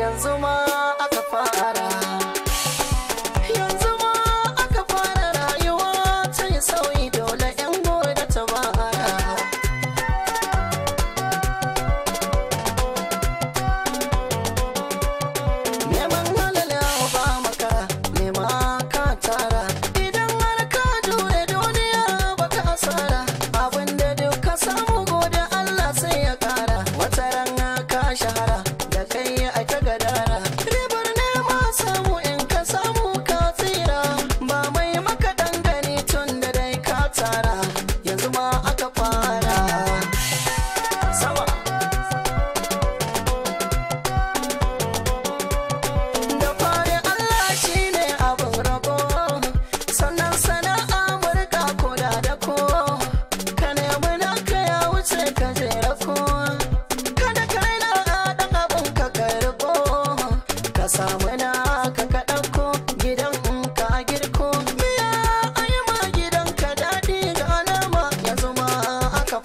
yanzu ma aka fara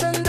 Sunday.